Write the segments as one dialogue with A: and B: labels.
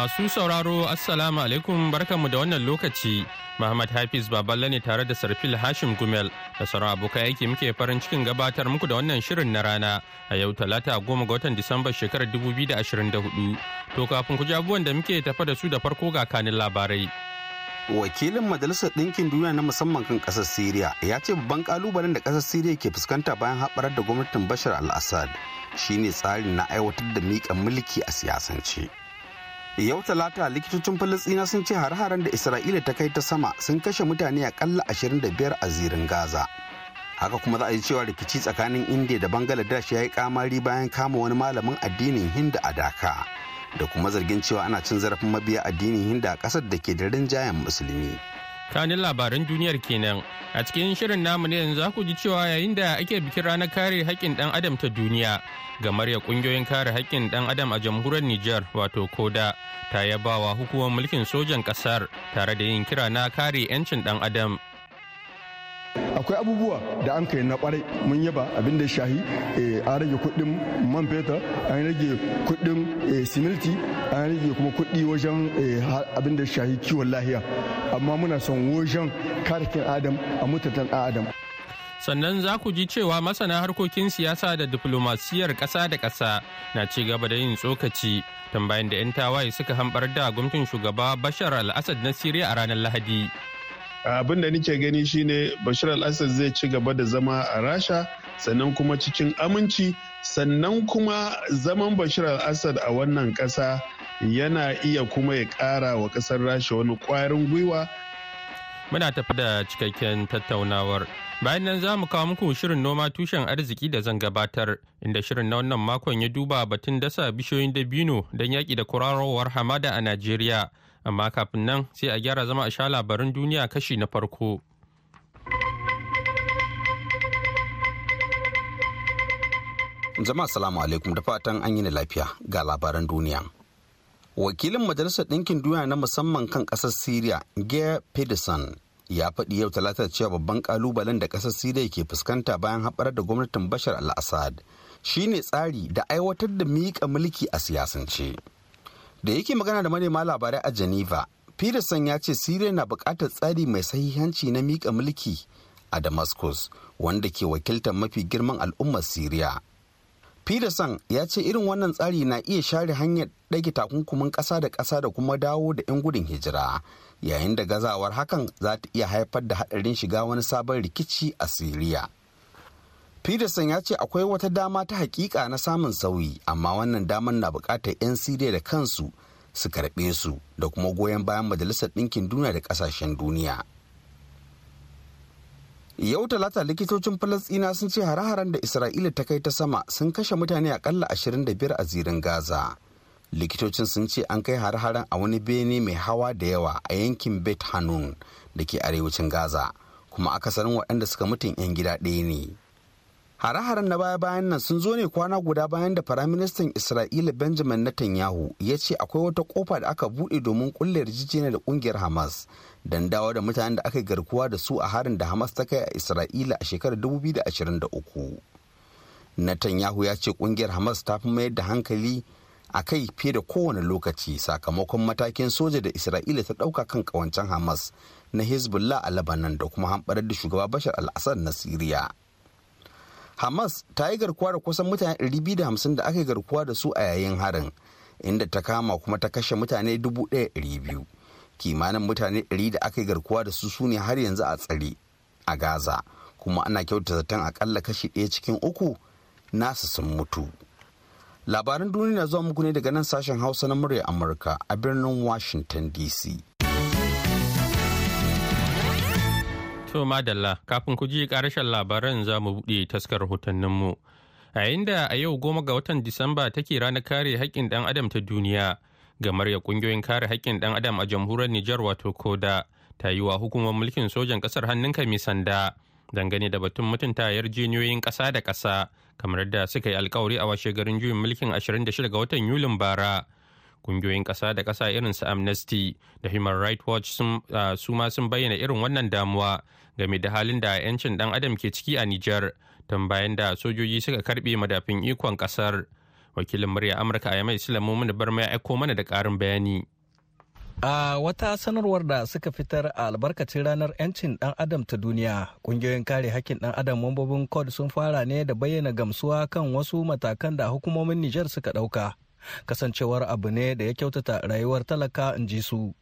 A: Masu sauraro Assalamu alaikum barkanmu da wannan lokaci. Muhammad Hafiz Baballe ne tare da Sarfil Hashim Gumel da sauran abokai aiki muke farin cikin gabatar muku da wannan shirin na rana a yau talata goma ga watan Disamba shekarar 2024. To kafin ku jabuwan da muke tafa da su da farko ga kanin labarai.
B: Wakilin Majalisar Ɗinkin Duniya na musamman kan ƙasar Siriya ya ce babban ƙalubalen da ƙasar Siriya ke fuskanta bayan haɓarar da gwamnatin Bashar al-Assad shine tsarin na aiwatar da miƙa mulki a siyasance. yau talata likitocin falastina sun ce har-haren da isra'ila ta kai ta sama sun kashe mutane akalla 25 a zirin gaza haka kuma za a yi cewa rikici tsakanin india da bangladesh ya yi kamari bayan kama wani malamin addinin hindu a daka da kuma zargin cewa ana cin zarafin mabiya addinin hindu a kasar da ke da rinjayen musulmi
A: kanin labaran duniyar kenan a cikin shirin namu ne yanzu ku ji cewa yayin da ake bikin ranar kare haƙƙin ɗan adam ta duniya ga marya ƙungiyoyin kare haƙƙin ɗan adam a jamhuriyar Nijar wato koda ta yabawa hukumar mulkin sojan ƙasar tare da yin kira na kare 'yancin ɗan adam
C: akwai abubuwa da an kai na kwarai mun yaba abin da shahi eh, an rage kudin man fetur an rage kudin eh, siminti an rage kuma kudi wajen eh, abin da shahi kiwon lahiya amma muna son wajen karkin adam a mutatan adam
A: sannan za ku ji cewa masana harkokin siyasa da diflomasiyyar ƙasa da kasa na ci gaba da yin tsokaci tambayin da 'yan tawaye suka hambar da gwamnatin shugaba bashar al na siriya a ranar lahadi
D: abin da nike gani shine bashir al-assad zai ci gaba da zama a rasha sannan kuma cikin aminci sannan kuma zaman bashir al-assad a wannan kasa yana iya kuma ya kara wa ƙasar rasha wani kwarin gwiwa
A: muna tafi da cikakken tattaunawar bayan nan za mu kawo muku shirin noma tushen arziki da zan gabatar inda shirin na wannan makon ya duba batun dasa bishiyoyin dabino don yaƙi da kurarowar hamada a najeriya amma kafin nan sai a gyara zama a sha labarin duniya kashi na farko.
B: Jama'a salamu alaikum da fatan an yi lafiya ga labaran duniya. Wakilin Majalisar Ɗinkin Duniya na musamman kan ƙasar Siriya, Gare Pedersen, ya faɗi yau talata cewa babban ƙalubalen da ƙasar Siriya ke fuskanta bayan haɓar da gwamnatin Bashar al-Assad shine tsari da aiwatar da miƙa mulki a siyasance. da yake magana da manema labarai a geneva peterson ya ce syria na buƙatar tsari mai sahihanci na mika mulki a damascus wanda ke wakiltar mafi girman al'ummar syria peterson ya ce irin wannan tsari na iya share hanyar ɗage takunkumin ƙasa da ƙasa da kuma dawo da 'yan gudun hijira yayin da gazawar hakan za ta iya haifar da haɗarin shiga wani sabon rikici a syria peterson ya ce akwai wata dama ta hakika na samun sauyi amma wannan damar na bukatar 'yan siriya da kansu su karbe su da kuma goyon bayan majalisar ɗinkin duniya da ƙasashen duniya yau talata likitocin falasɗina sun ce hare-haren da isra'ila ta kai ta sama sun kashe mutane akalla 25 a zirin gaza likitocin sun ce an kai hare-haren a wani bene mai hawa da yawa a yankin bet hanun da ke arewacin gaza kuma akasarin waɗanda suka mutum 'yan gida ɗaya ne Hare-haren na baya-bayan nan sun zo ne kwana guda bayan da Firaministan Isra'ila Benjamin Netanyahu ya ce akwai wata kofa da aka buɗe domin kulle yarjejeniya da ƙungiyar Hamas don dawo da mutanen da aka garkuwa da su a harin da Hamas ta kai a Isra'ila a shekarar 2023. Netanyahu ya ce ƙungiyar Hamas ta fi mayar da hankali a kai fiye da kowane lokaci sakamakon matakin soja da Isra'ila ta ɗauka kan ƙawancen Hamas na Hezbollah a Lebanon da kuma hamɓarar da shugaba Bashar al-Assad na Siriya. hamas ta yi garkuwa da kusan mutane 250 da aka yi garkuwa da su a yayin harin inda ta kama kuma ta kashe mutane 1,200 kimanin mutane 100 da aka yi garkuwa da su su ne har yanzu a tsare a gaza kuma ana kyauta zaton akalla kashi ɗaya cikin uku nasu sun mutu labaran duniya zuwa muku ne daga nan sashen hausa na murya amurka a birnin washington dc
A: To madalla kafin ku ji karashen labaran za mu buɗe taskar rahotanninmu. A inda a yau goma ga watan Disamba take ranar kare haƙƙin ɗan adam ta duniya. Gamar ya ƙungiyoyin kare haƙƙin ɗan adam a jamhuriyar Nijar wato Koda ta yi wa hukumar mulkin sojan ƙasar hannun mai sanda dangane da batun mutunta yar jiniyoyin ƙasa da ƙasa kamar da suka yi alƙawari a washe garin juyin mulkin 26 ga watan Yulin bara. kungiyoyin ƙasa da ƙasa irin su amnesty da human rights watch ah, su ma sun bayyana irin wannan damuwa game da halin da 'yancin ɗan adam ke ciki a nijar tun bayan da sojoji suka karbe madafin ikon kasar wakilin murya amurka a yamai silamu mana barma ya aiko mana da karin bayani
E: A wata sanarwar da suka fitar a albarkacin ranar 'yancin dan adam ta duniya, kungiyoyin kare hakkin dan adam mambobin code sun fara ne da bayyana gamsuwa kan wasu matakan da hukumomin Nijar suka ɗauka kasancewar abu ne da ya kyautata rayuwar talaka in ji su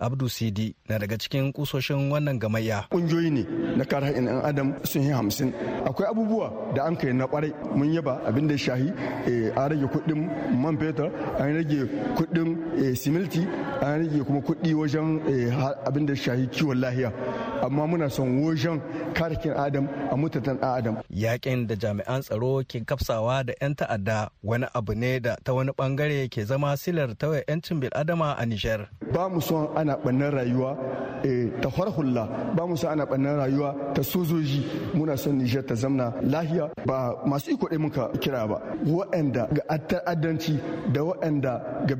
E: abdu sidi na daga cikin kusoshin wannan
C: gamayya ƙungiyoyi ne na kare haƙƙin ɗan adam sun yi hamsin akwai abubuwa da an kai na ƙwarai mun yaba abin da shahi eh, an rage kuɗin man fetur an rage kuɗin eh, similti an rage kuma kuɗi wajen eh, abin da shahi kiwon lahiya amma muna son wajen kare adam a mutatan ɗan adam yaƙin da jami'an
E: tsaro ke kafsawa da 'yan ta'adda wani abu ne da ta wani bangare ke zama silar tawaye
C: 'yancin bil'adama a nijar ba mu son ana bannan rayuwa eh, ta harhulla ba mu san ana bannan rayuwa ta sojoji muna son Nijar ta zamna lahiya ba masu iko dai muka kira ba waɗanda ga ta'addanci da waɗanda ga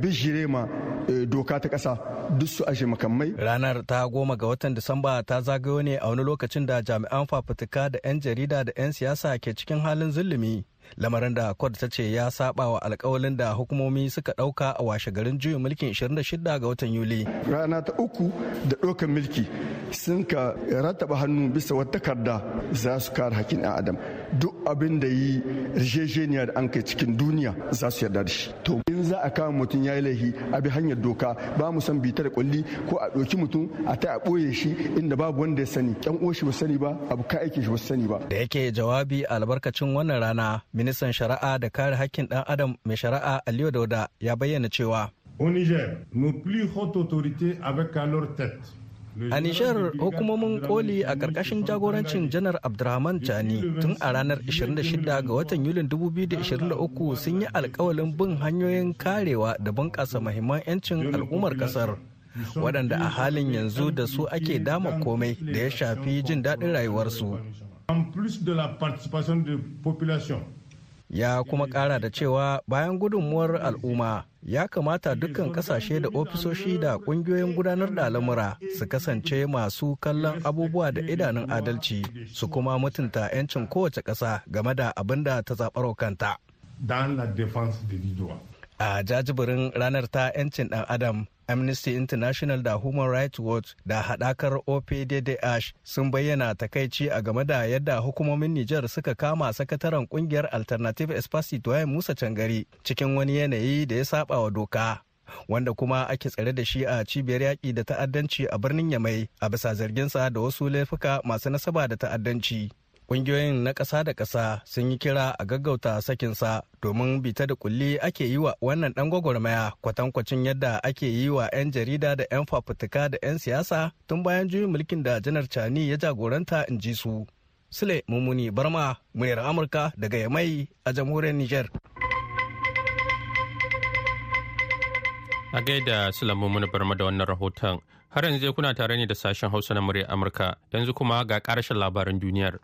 C: ma eh, doka ta kasa duk su ashe makamai.
E: Ranar ta goma ga watan Disamba ta zagayo ne a wani lokacin da jami'an fafutuka da 'yan jarida da 'yan siyasa ke cikin halin zulumi lamarin da kwad ta ce ya saba wa alkawalin da hukumomi suka ɗauka a washe garin
C: juyin mulkin 26 ga watan yuli rana ta uku da ɗaukar mulki sun ka rataba hannu bisa wata takarda za su kare hakkin ɗan adam duk abin da yi rijejeniya da an kai cikin duniya za su yarda da shi to in za a kama mutum ya yi laifi, a bi hanyar doka ba mu san bitar kulli ko a ɗauki mutum a ta a ɓoye shi inda babu wanda ya sani ƴan uwa shi ba sani ba abu ka aiki shi ba sani ba
E: da yake jawabi albarkacin wannan rana ministan shari'a da kare hakkin ɗan adam mai shari'a aliyu dauda ya bayyana cewa Au Niger, nos plus hautes autorités avec à leur tête A Nijar hukumomin koli a ƙarƙashin jagorancin janar Abdurrahman Jani tun a ranar 26 ga watan Yulin 2023 sun yi alkawalin bin hanyoyin karewa da bunƙasa mahimman 'yancin al'ummar ƙasar. waɗanda a halin yanzu da su ake dama komai da ya shafi jin daɗin rayuwarsu. Ya kuma ƙara da cewa bayan gudunmuwar al'umma ya kamata dukkan kasashe da ofisoshi da kungiyoyin gudanar da alamura su kasance masu kallon abubuwa da idanun adalci su kuma mutunta 'yancin kowace ƙasa game da abin da ta zaɓar kanta. A jajibirin ranar ta 'yancin ɗan adam amnesty international da human rights watch da haɗakar opdh sun bayyana takaici a game da yadda hukumomin nijar suka kama sakataren kungiyar alternative espacito musa cangari cikin wani yanayi da ya saba wa doka wanda kuma ake tsare da shi a cibiyar yaƙi da ta'addanci a birnin yamai a bisa zarginsa da wasu laifuka masu nasaba da ta'addanci Ƙungiyoyin na ƙasa da ƙasa sun yi kira a gaggauta sakinsa domin bita da kulli ake yi wa wannan ɗan gwagwarmaya kwatankwacin yadda ake yi wa 'yan jarida da 'yan fafutuka da 'yan siyasa tun bayan juyin mulkin da janar Cani ya jagoranta in ji su. Sule Mummuni Barma, muryar Amurka daga Yamai a jamhuriyar niger.
A: A gaida sule-mumuni barma da wannan rahoton. Har yanzu kuna tare ne da sashen Hausa na muryar Amurka. Yanzu kuma ga ƙarshen labaran duniyar.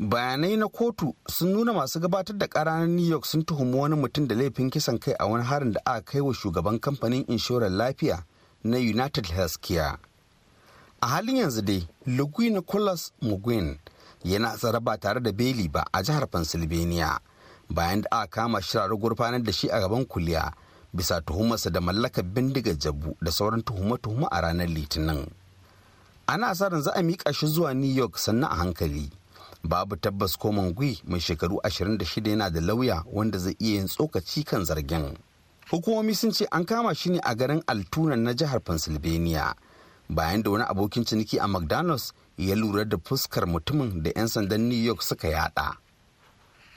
B: bayanai na kotu sun nuna masu gabatar da kara na new york sun tuhumi wani mutum da laifin kisan kai a wani harin da aka kai wa shugaban kamfanin inshorar lafiya na united healthcare a halin yanzu dai lugui nicholas mcguin yana tsare ba tare da beli ba a jihar pennsylvania bayan da aka kama shi gurfanar da shi a gaban kuliya bisa tuhumarsa da mallakar bindigar jabu da sauran tuhume-tuhume a ranar litinin ana sa ran za a miƙa shi zuwa new york sannan a hankali babu tabbas ko mangui mai shekaru 26 yana da lauya wanda zai iya yin tsokaci kan zargin hukumomi sun ce an kama shi ne a garin altuna na jihar pennsylvania bayan da wani abokin ciniki a mcdonald's ya lura da fuskar mutumin da 'yan sandan new york suka yada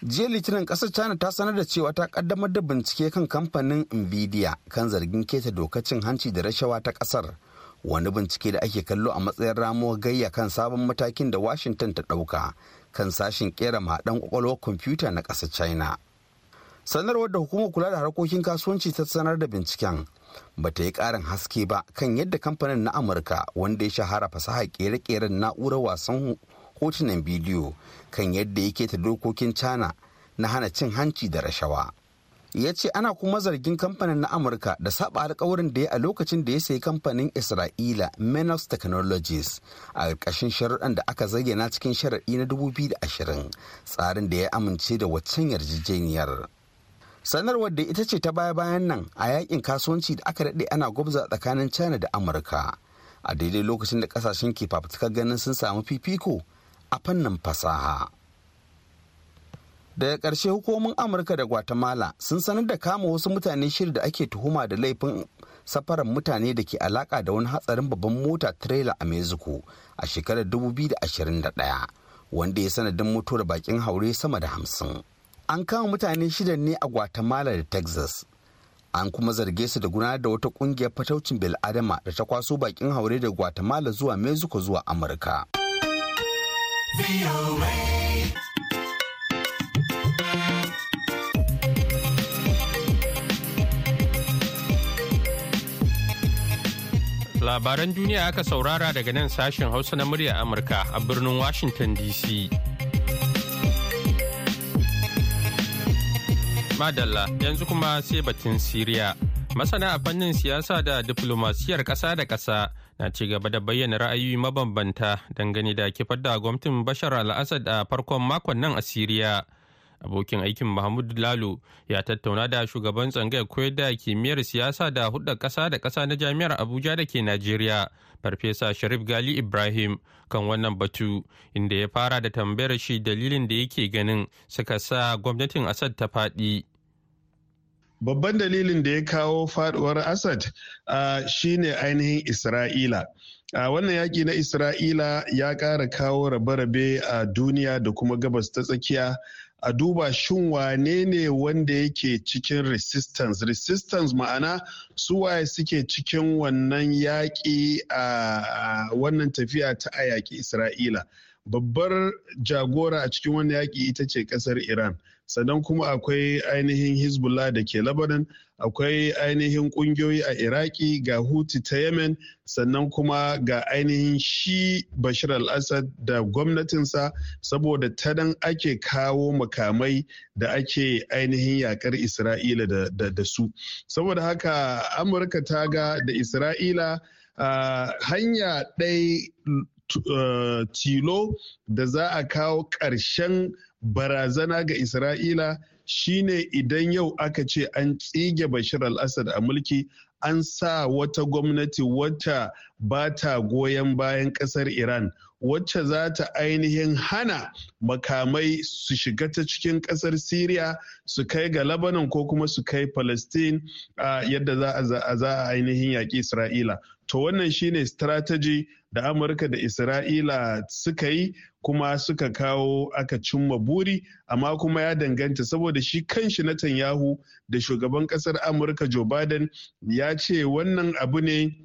B: jiya litinin kasar china ta sanar da cewa ta kaddamar da bincike kan kamfanin nvidia kan zargin keta dokacin hanci da rashawa ta kasar wani bincike da ake kallo a matsayin ramuwar gayya kan sabon matakin da washington ta dauka. kan sashin kera mahaɗan kwakwalwar kwamfuta na ƙasa china sanarwar da hukumar kula da harkokin kasuwanci ta sanar da binciken ba ta yi ƙarin haske ba kan yadda kamfanin na amurka wanda ya shahara fasaha ƙere keren na'urar wasan hotunan bidiyo kan yadda yake ta dokokin china na hana cin hanci da rashawa ya ce ana kuma zargin kamfanin na amurka da saba alkawarin da ya a lokacin da ya sayi kamfanin isra'ila menos technologies a ƙarƙashin sharuɗan da aka zayyana cikin sharaɗi na 2020 tsarin da ya amince da waccan yarjejeniyar sanarwar da ita ce ta baya bayan nan a yakin kasuwanci da aka daɗe ana gwabza tsakanin china da amurka a daidai lokacin da ƙasashen ke fafutukar ganin sun samu fifiko a fannin fasaha. daga ƙarshe hukumomin amurka da guatemala sun sanar da kama wasu mutane shida da ake tuhuma da laifin safaran mutane da ke alaka da wani hatsarin babban mota trailer a mexico a shekarar 2021 wanda ya sanadin mutuwar bakin haure sama da hamsin an kama mutane shida ne a guatemala da texas an kuma zarge su da gudanar da wata kungiyar fataucin bil'adama da ta kwaso bakin haure da guatemala zuwa mexico zuwa amurka
A: labaran duniya aka saurara daga nan sashen Hausa na murya Amurka a birnin Washington DC. Madalla yanzu kuma sai batun Siriya. Masana a fannin siyasa da diplomasiyar kasa da kasa na ci gaba da bayyana ra'ayoyi mabambanta dangane da kifar da gwamnatin Bashar al-Assad a farkon makon nan a Siriya. abokin aikin mahmud lalo ya tattauna da shugaban tsangayar koyar da kimiyyar siyasa da hudar kasa da kasa na jami'ar abuja da ke najeriya farfesa sharif gali ibrahim kan wannan batu inda ya fara da tambayar shi dalilin da yake ganin suka sa gwamnatin asad ta faɗi.
D: babban dalilin da ya kawo faduwar asad shi shine ainihin isra'ila a uh, wannan yaƙi na isra'ila ya ƙara kawo rabe-rabe a uh, duniya da kuma gabas ta tsakiya a duba shin wane ne wanda yake cikin resistance resistance ma'ana su waye suke cikin wannan yaƙi a wannan tafiya ta a yaƙi isra'ila babbar jagora a cikin wannan yaƙi ita ce ƙasar iran sannan kuma akwai ainihin hezbollah da ke lebanon akwai ainihin kungiyoyi a iraki ga huti ta yemen sannan kuma ga ainihin shi bashir al-assad da gwamnatinsa saboda ta dan ake kawo makamai da ake ainihin yakar isra'ila da, da, da su saboda haka amurka ta ga da isra'ila uh, hanya ɗai uh, tilo da za a kawo ƙarshen barazana ga isra'ila shine idan yau aka ce an tsige bashir al-assad a mulki an sa wata gwamnati wata ba ta goyon bayan ƙasar iran wacce za ta ainihin hana makamai su shiga ta cikin ƙasar syria su kai ga lebanon ko kuma su kai palestine yadda za a ainihin yaƙi isra'ila to wannan shine strategy da amurka da isra'ila suka yi kuma suka kawo aka cimma buri amma kuma ya danganta saboda shi kanshi na tanyahu da shugaban kasar amurka joe biden ya ce wannan abu ne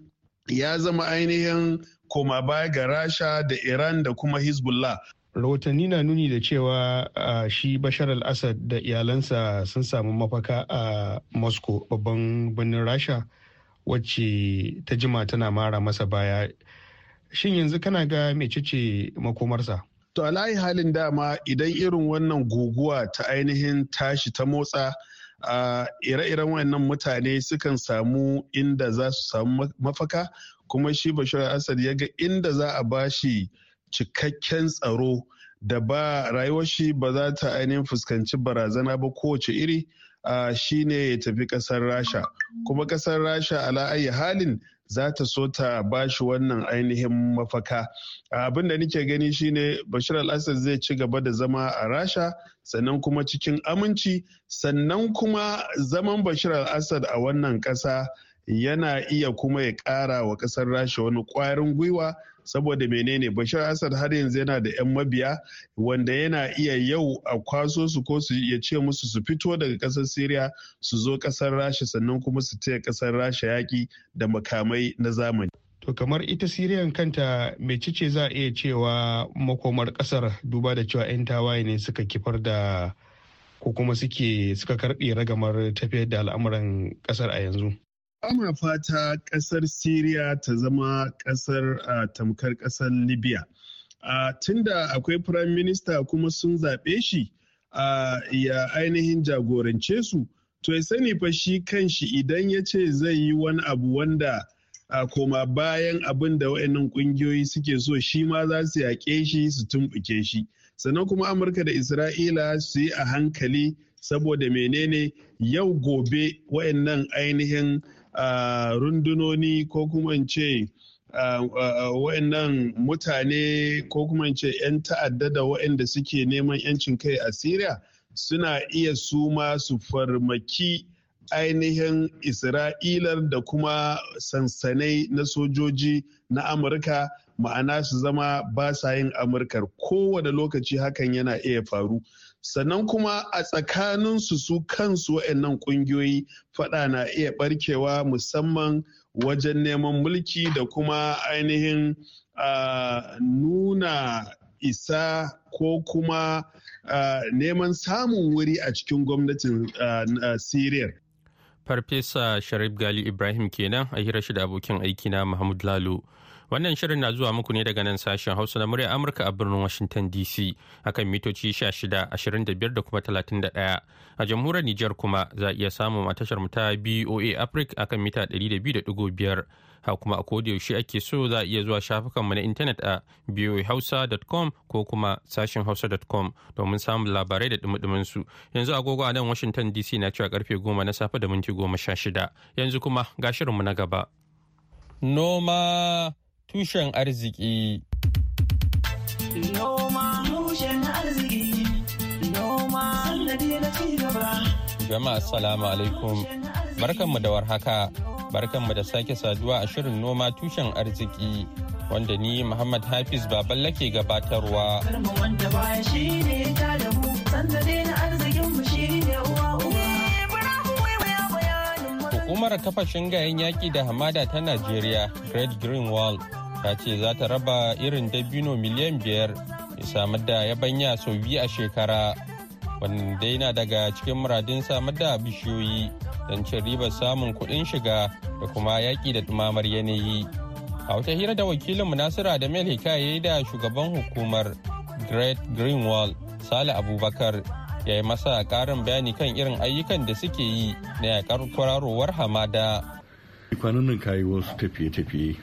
D: ya zama ainihin koma baya ga rasha da iran da kuma hezbollah
F: rahotanni na nuni da cewa shi bashar al-assad da iyalansa sun samu mafaka a moscow babban birnin rasha wacce ta jima tana mara masa baya shin yanzu kana ga mecece makomarsa
D: to alayi halin dama idan irin wannan guguwa ta ainihin tashi ta motsa a ire-iren wannan mutane sukan samu inda za su samu mafaka kuma shi bashir asad ya ga inda za a bashi cikakken tsaro da ba rayuwar shi ba za ta ainihin fuskanci barazana ba kowace iri shine ya tafi kasar rasha kuma kasar rasha ala ayi halin za ta so ta ba shi wannan ainihin mafaka abin da nike gani shine bashir al-assad zai ci gaba da zama a rasha sannan kuma cikin aminci sannan kuma zaman bashir al-assad a wannan ƙasa yana iya kuma ya ƙara wa ƙasar rasha wani ƙwarin gwiwa saboda menene bashar asad har yanzu yana da 'yan mabiya wanda yana iya yau a kwaso su ko su ya ce musu su fito daga kasar syria su zo kasar rasha sannan kuma su taya kasar rasha yaki da makamai na zamani
F: to kamar ita syrian kanta mai cice za a iya cewa makomar kasar duba da cewa 'yan tawaye ne suka kifar da ko kuma suke suka karbe ragamar tafiyar da al'amuran kasar a yanzu
D: Ana fata ƙasar Siriya ta zama ƙasar tamkar ƙasar Libya. Tunda akwai Firayim Minista kuma sun zaɓe shi ya ainihin jagorance su, to ya sani fa shi kanshi idan ya ce zai yi wani abu wanda a koma bayan abin da wa'annan ƙungiyoyi suke so shi ma za su yaƙe shi su tumɓuke shi. Sannan kuma Amurka da Isra'ila su yi a hankali saboda menene yau gobe wa'annan ainihin rundunoni ko kuma in ce wa'annan mutane ko kuma in ce 'yan ta'adda da wa'anda suke neman 'yancin kai a syria suna iya suma su farmaki ainihin isra'ilar da kuma sansanai na sojoji na amurka ma'ana su zama ba yin amurkar kowane lokaci hakan yana iya faru sannan kuma a tsakaninsu su kansu waɗannan ƙungiyoyi faɗa na iya barkewa musamman wajen neman mulki da kuma ainihin nuna isa ko kuma neman samun wuri a cikin gwamnatin syria
A: farfesa sharif gali ibrahim kenan a hira shi da abokin aikina mahmud lalo Wannan shirin na zuwa muku ne daga nan sashen Hausa na murya Amurka a birnin Washington DC akan mitoci 16, 25 da kuma 31. A jamhuriyar Nijar kuma za iya samun a tashar mu ta BOA Africa akan mita 200.5. Ha kuma a yaushe ake so za iya zuwa shafukanmu na intanet a boahausa.com ko kuma sashen hausa.com domin samun labarai da dumudumin su. Yanzu agogo a nan Washington DC na cewa karfe 10 na safe da minti 16. Yanzu kuma ga shirinmu na gaba. Noma tushen arziki.
C: Noma tushen arziki, noma
A: Jama'a salamu alaikum, barkanmu da warhaka, barkanmu da sake saduwa a shirin noma tushen arziki. Wanda ni Muhammad Hafiz Baballe ke gabatarwa. Hukumar kafa shingayen yaƙi da hamada ta Najeriya, Great Green Wall, ta ce za ta raba irin dabino miliyan biyar ya samar da yabanya sau biyu a shekara wanda yana daga cikin muradin samar da bishiyoyi don cin ribar samun kuɗin shiga da kuma yaƙi da ɗumamar yanayi a wata hira da wakilin munasira da mel hikaye da shugaban hukumar great wall sale abubakar ya yi masa ƙarin bayani kan irin ayyukan da suke yi na yaƙar kwararowar hamada
G: kwanan nan kayi wasu tafiye-tafiye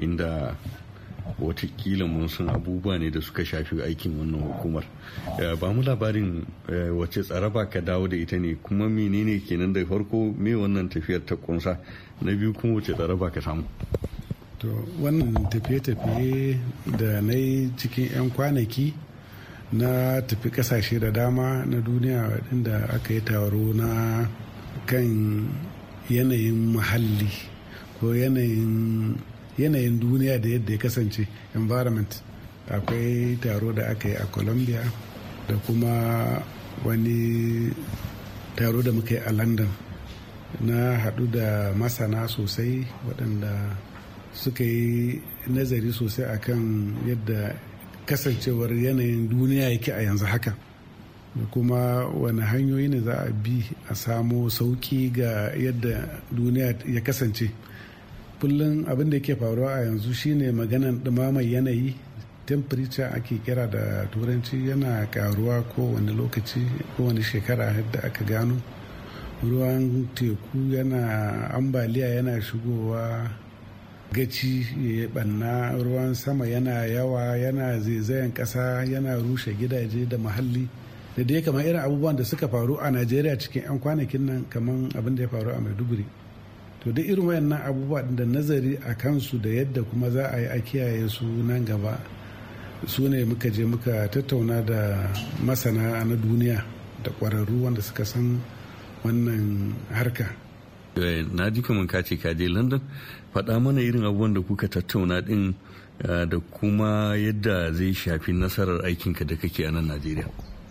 G: inda watakila mun san abubuwa ne da suka shafi aikin wannan hukumar ba mu labarin e, wace ba ka dawo da ita ne kuma menene kenan da farko me wannan tafiyar ta kunsa na biyu kuma wace ba ka samu
H: to wannan tafiye-tafiye da na yi cikin 'yan kwanaki na tafi kasashe da dama na duniya inda aka yi taro na kan yanayin muhalli ko yanayin yanayin duniya da yadda ya kasance environment akwai taro da aka yi a colombia da kuma wani taro da muka yi a london na haɗu da masana sosai waɗanda suka yi nazari sosai akan yadda kasancewar yanayin duniya yake a yanzu haka da kuma wani hanyoyi ne za a bi a samo sauƙi ga yadda duniya ya kasance kullum abin da yake faruwa a yanzu shine maganan ɗumamar yanayi temperature ake kira da turanci yana karuwa kowane lokaci kowane shekara yadda aka gano ruwan teku yana ambaliya yana shigowa gaci ya banna ruwan sama yana yawa yana zaizayen ƙasa yana rushe gidaje da muhalli da dai kamar irin abubuwan da suka faru a najeriya cikin 'yan kwanakin nan kamar abin da ya faru a maiduguri to da irin wayannan abubuwa da nazari a kansu da yadda kuma za a yi a kiyaye su nan gaba su ne muka je muka tattauna da masana na duniya da kwararru wanda suka san wannan harka
G: eh, na ji kamar ka ce ka je london faɗa mana irin abubuwan da kuka tattauna ɗin eh, da kuma yadda zai shafi nasarar aikinka da kake a nan najeriya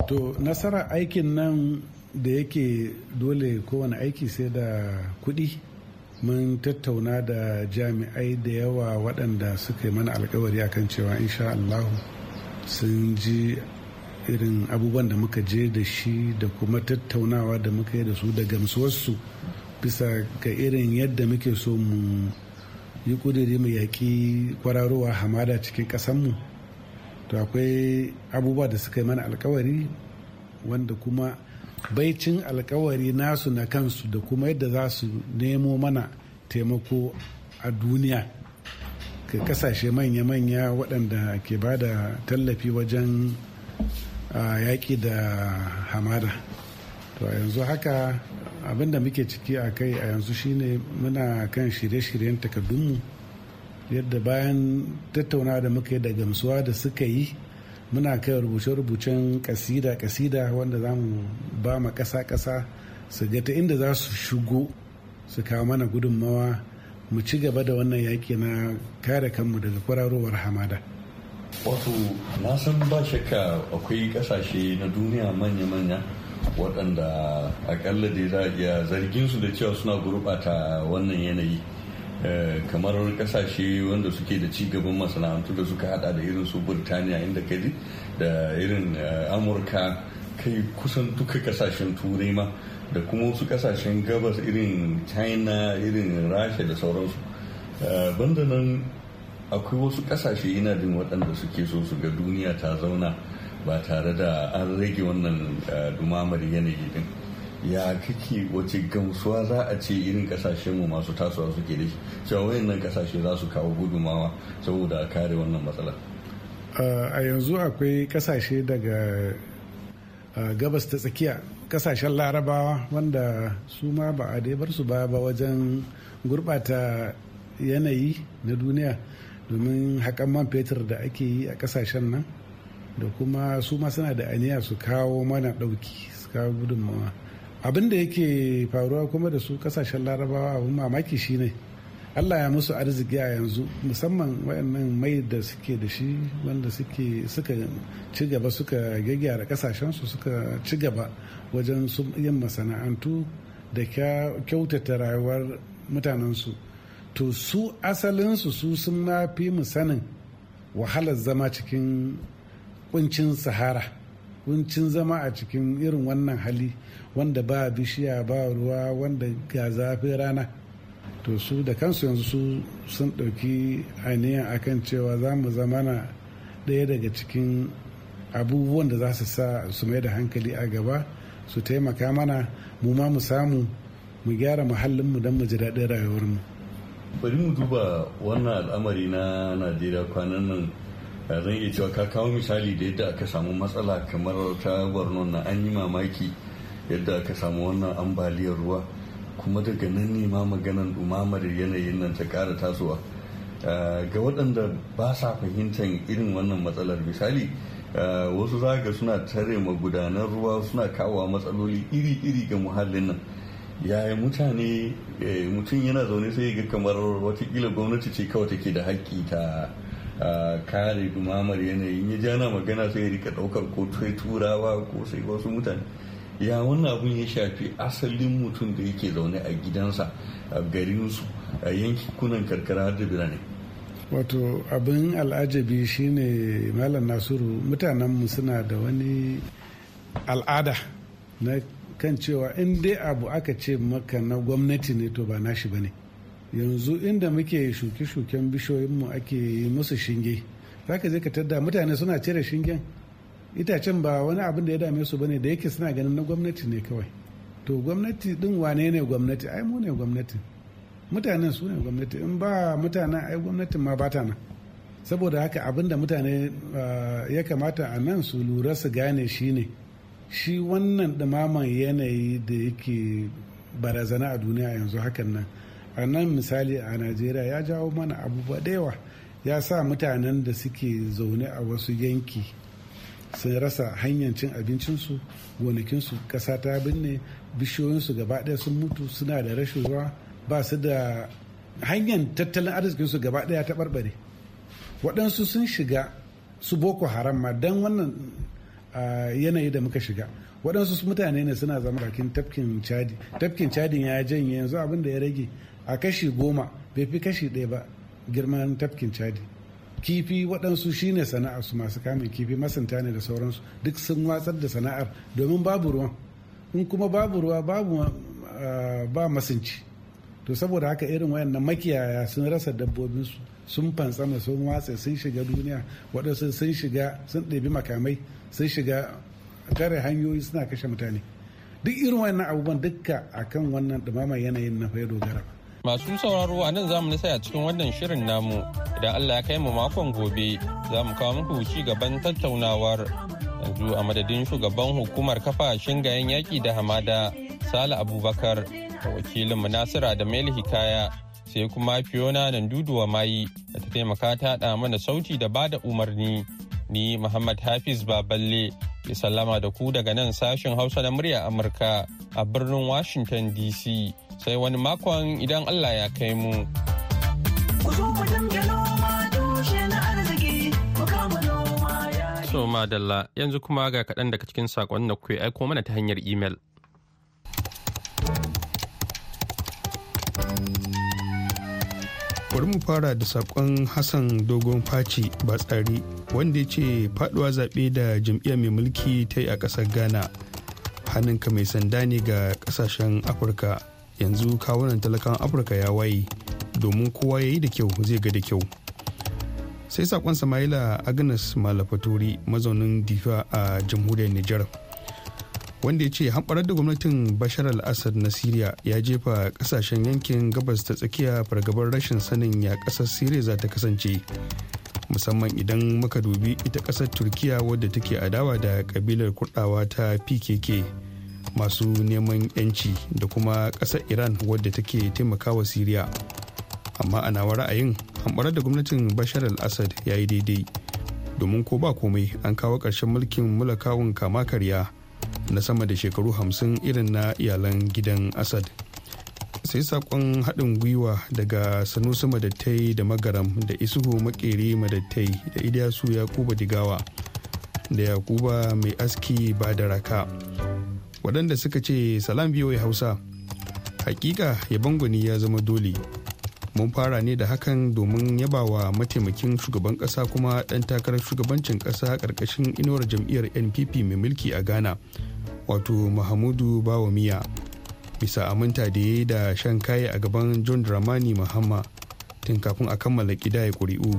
H: to nasarar aikin nan da yake dole kowane aiki sai da kuɗi mun tattauna da jami'ai da yawa waɗanda suka yi mana alkawari akan cewa insha Allah sun ji irin abubuwan da muka je da shi da kuma tattaunawa da muka yi da su da gamsuwarsu bisa ga irin yadda muke so mu yi kudiri mu yaƙi kwararowa hamada cikin ƙasanmu to akwai abubuwa da suka yi mana alkawari wanda kuma baicin alkawari nasu na kansu da kuma yadda za su nemo mana taimako a duniya ka kasashe manya-manya waɗanda ke ba da tallafi wajen yaƙi da hamada to a yanzu haka abinda muke ciki a kai a yanzu shine muna kan shirye-shiryen takardunmu yadda bayan tattauna da muka yi da gamsuwa da suka yi muna kai rubuce-rubucen kasida-kasida wanda za mu ba ma ƙasa-ƙasa su ga ta inda za su shigo su kawo mana gudunmawa mu ci gaba da wannan yaƙi na kare kanmu daga kwararowar hamada
G: wato na san ba shakka akwai ƙasashe na duniya manya-manya waɗanda akalla dai za a iya zargin su da cewa suna gurɓata wannan yanayi Eh, kamar kasashe wanda suke da ci gaban masana'antu da suka hada da irin su burtaniya inda ka ji da irin eh, amurka kai kusan duka kasashen turai ma da kuma wasu kasashen gabas irin china irin rasha da sauransu eh, banda nan akwai wasu kasashe yana jin waɗanda suke so su ga duniya ta zauna ba tare da an rage wannan dumamar yanayi din ya kake wace gamsuwa za a ce irin kasashen mu masu tasowa suke da shi cewa wayannan kasashe za su kawo gudumawa saboda kare wannan matsala
H: a yanzu akwai kasashe daga gabas ta tsakiya kasashen larabawa wanda su ma ba a bar su ba ba wajen gurbata yanayi na duniya domin haƙan man fetur da ake yi a kasashen nan da kuma su ma suna da aniya su kawo mana ɗauki su kawo gudunmawa abin da yake faruwa kuma da su kasashen larabawa abin mamaki shine allah ya musu arziki a yanzu musamman wayannan mai da suke da shi wanda suke suka ci gaba suka gyaggyara su suka ci gaba wajen yin masana'antu da kyautata rayuwar mutanensu to su asalinsu su sun ma fi mu sanin wahalar zama cikin kuncin sahara kuncin zama a cikin irin wannan hali wanda ba bishiya ba ruwa wanda ga zafin rana to su da kansu yanzu su sun ɗauki aniyan akan cewa za mu zama na ɗaya daga cikin abubuwan da za su sa su mai da hankali a gaba su taimaka mana mu ma mu samu mu gyara muhallinmu don mu ji daɗin rayuwarmu
G: bari mu duba wannan al'amari na najeriya kwanan nan Eh, zan iya cewa ka kawo misali da yadda aka samu matsala kamar ta borno na an yi mamaki yadda aka samu wannan ambaliyar ruwa kuma daga nan ne ma maganan dumamar yanayin nan ta kara tasowa eh, ga waɗanda ba sa fahimtar irin wannan matsalar misali eh, wasu za ga suna tare magudanar ruwa suna kawo matsaloli iri-iri ga muhallin nan yaya mutane mutum yana zaune sai ga kamar watakila gwamnati ce kawai take da haƙƙi ta kare dumamar yanayi ya ja na magana sai ya rika daukar ko turawa ko sai wasu mutane ya wannan abun ya shafi asalin mutum da yake zaune a gidansa a garinsu a yanki yankunan karkara da birane
H: wato abin al'ajabi shine malam nasiru mutanen mu suna da wani al'ada na kan cewa in dai abu aka ce maka na gwamnati ne to ba nashi ba ne yanzu inda muke shuke-shuken bishiyoyinmu ake yi musu shinge zaka je ka tadda mutane suna cire shingen itacen ba wani abin da ya dame su bane da yake suna ganin na gwamnati ne kawai to gwamnati din wane ne gwamnati ai mu ne gwamnati mutanen su ne gwamnati in ba mutanen ai gwamnatin ma bata nan saboda haka abin da mutane eh, ya kamata a nan su lura su gane shi ne shi wannan ɗumaman yanayi da yake barazana a duniya yanzu hakan nan a nan misali a najeriya ya jawo mana abubuwa da yawa ya sa mutanen da suke zaune a wasu yanki sun rasa hanyar cin abincinsu gonakinsu kasa ta binne bishiyoyinsu gaba ɗaya sun mutu suna da rashin ruwa ba su da hanyar tattalin arzikinsu gaba ɗaya ta barbare waɗansu sun shiga su boko haram ma don wannan yanayi da muka shiga waɗansu mutane ne suna zama bakin tafkin chadi tafkin chadi ya janye yanzu abin da ya rage a kashi goma bai fi kashi ɗaya ba girman tafkin chadi kifi waɗansu shine sana'ar su masu kamun kifi masanta ne da sauransu duk sun watsar da sana'ar domin babu ruwan in kuma babu ruwa babu ah, ba masinci to saboda haka irin wayannan makiyaya sun rasa dabbobin su sun fantsama sun watsa sun shiga duniya waɗansu sun shiga sun ɗabi makamai sun shiga tare hanyoyi suna kashe mutane duk irin wannan abubuwan dukka akan wannan ɗumamar yanayin na fai dogara ba
A: Masu sauraro a nan za mu nisa cikin wannan shirin namu idan Allah ya kai mu makon gobe za mu kawo muku ci gaban tattaunawar yanzu a madadin shugaban hukumar kafa shingayen yaƙi da hamada Sale Abubakar da wakilin Munasira da mail Hikaya sai kuma Fiona nan duduwa mayi da ta taimaka ta mana sauti da bada umarni ni Muhammad Hafiz Baballe Ki sallama da ku daga nan sashen Hausa na murya Amurka a birnin Washington DC sai wani makon idan Allah ya kai mu. So madalla yanzu kuma ga kaɗan daga cikin saƙon da ya aiko mana ta hanyar imel.
F: bari mu fara da sakon hassan dogon faci batsari wanda ya ce faduwa zaɓe da jam'iyyar mai mulki ta yi a ƙasar ghana hannunka mai sanda ne ga ƙasashen afirka yanzu kawunan talakan afirka ya waye domin kowa ya yi da kyau zai ga da kyau sai sakon samaila agnes malafaturi mazaunin difa a jamhuriyar nijar wanda ya ce hamɓarar da gwamnatin bashar al-assad na syria ya jefa kasashen yankin gabas ta tsakiya fargabar rashin sanin ya ƙasar syria za ta kasance musamman idan muka dubi ita ƙasar turkiya wadda take adawa da kabilar kurdawa ta pkk masu neman yanci da kuma ƙasar iran wadda take taimakawa syria amma a nawa ra'ayin hamɓarar da gwamnatin bashar al-assad ya yi daidai domin ko ba komai an kawo ƙarshen mulkin mulakawun kama karya na sama da shekaru hamsin irin na iyalan gidan asad sai sakon haɗin gwiwa daga sanusi madattai da magaram da isuhu makeri madattai da idiyasu yakuba digawa da yakuba mai aski ba da raka waɗanda suka ce salam ya hausa hakika ya gwani ya zama dole mun fara ne da hakan domin yabawa mataimakin shugaban kasa kuma ɗan takarar shugabancin kasa ƙarƙashin inuwar jam'iyyar npp mai mulki a ghana wato mahamudu miya bisa aminta da ya yi da shan kaye a gaban john dramani mahamma tun kafin a kammala ya kuri'u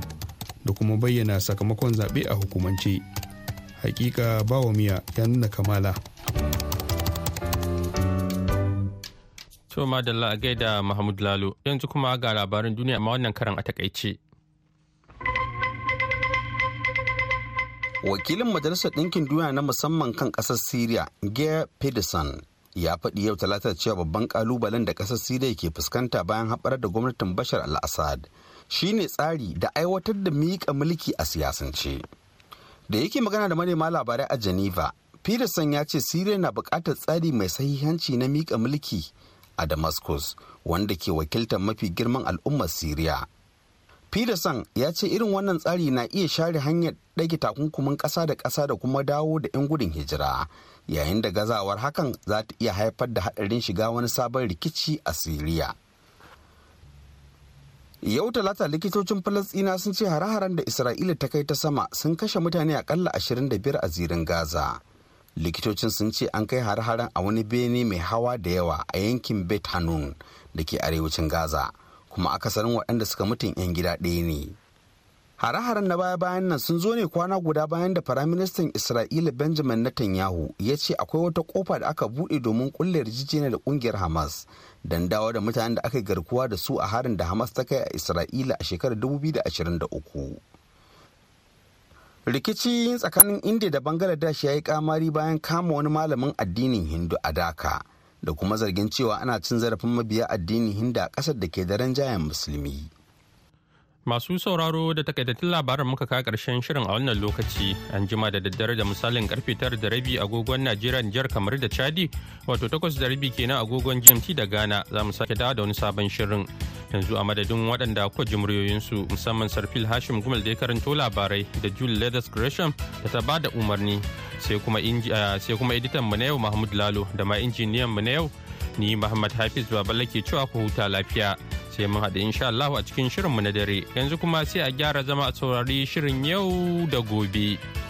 F: da kuma bayyana sakamakon zaɓe a hukumance hakika bawamiya ya nuna kamala
A: to madalla a gaida mahmud lalo yanzu kuma ga labarin duniya ma wannan karan a takaice
B: wakilin majalisar ɗinkin duniya na musamman kan ƙasar syria gare pedersen ya faɗi yau talata cewa babban ƙalubalen da ƙasar syria ke fuskanta bayan haɓar da gwamnatin bashar al-assad shine tsari da aiwatar da miƙa mulki a siyasance da yake magana da manema labarai a geneva pedersen ya ce syria na buƙatar tsari mai sahihanci na miƙa mulki a damascus wanda ke wakiltar mafi girman al'ummar syria peterson ya ce irin wannan tsari na iya share hanyar ɗage takunkumin ƙasa da ƙasa da kuma dawo da 'yan gudun hijira yayin da gazawar hakan za ta iya haifar da haɗarin shiga wani sabon rikici a siriya yau talata likitocin falasɗina sun ce hare-haren da isra'ila ta kai ta sama sun kashe mutane akalla biyar a zirin gaza likitocin sun ce an kai hare-haren a wani bene mai hawa da yawa a yankin bet hanun da ke arewacin gaza kuma akasarin waɗanda suka mutun 'yan gida ɗaya ne hare-haren na baya-bayan nan sun zo ne kwana guda bayan da firaministan isra'ila benjamin netanyahu ya ce akwai wata kofa da aka buɗe domin kulle yarjejeniya da ƙungiyar hamas don dawo da mutanen da aka garkuwa da su a harin da hamas ta kai a isra'ila a shekarar 2023 rikici tsakanin Indiya da bangladesh ya yi kamari bayan kama wani malamin addinin hindu a daka da kuma zargin cewa ana cin zarafin mabiya addini hinda kasar da ke da jayan musulmi.
A: Masu sauraro da takaitattun labaran muka kawo karshen shirin a wannan lokaci an jima da daddare da misalin karfe tara da rabi agogon Najeriya Nijar kamar da Chadi wato takwas da rabi kenan agogon GMT da Ghana za mu sake dawo da wani sabon shirin. yanzu a madadin waɗanda ko su musamman sarfil hashim gumal da ya karanto labarai da jul leathers gresham da ta bada umarni eh, sai kuma editan mu na yau mahmud lalo da ma injiniyan mu na yau ni muhammad hafiz baballe ke cewa ku huta lafiya sai mun haɗu insha allahu a cikin shirin mu na dare yanzu kuma sai a gyara zama a saurari shirin yau da gobe.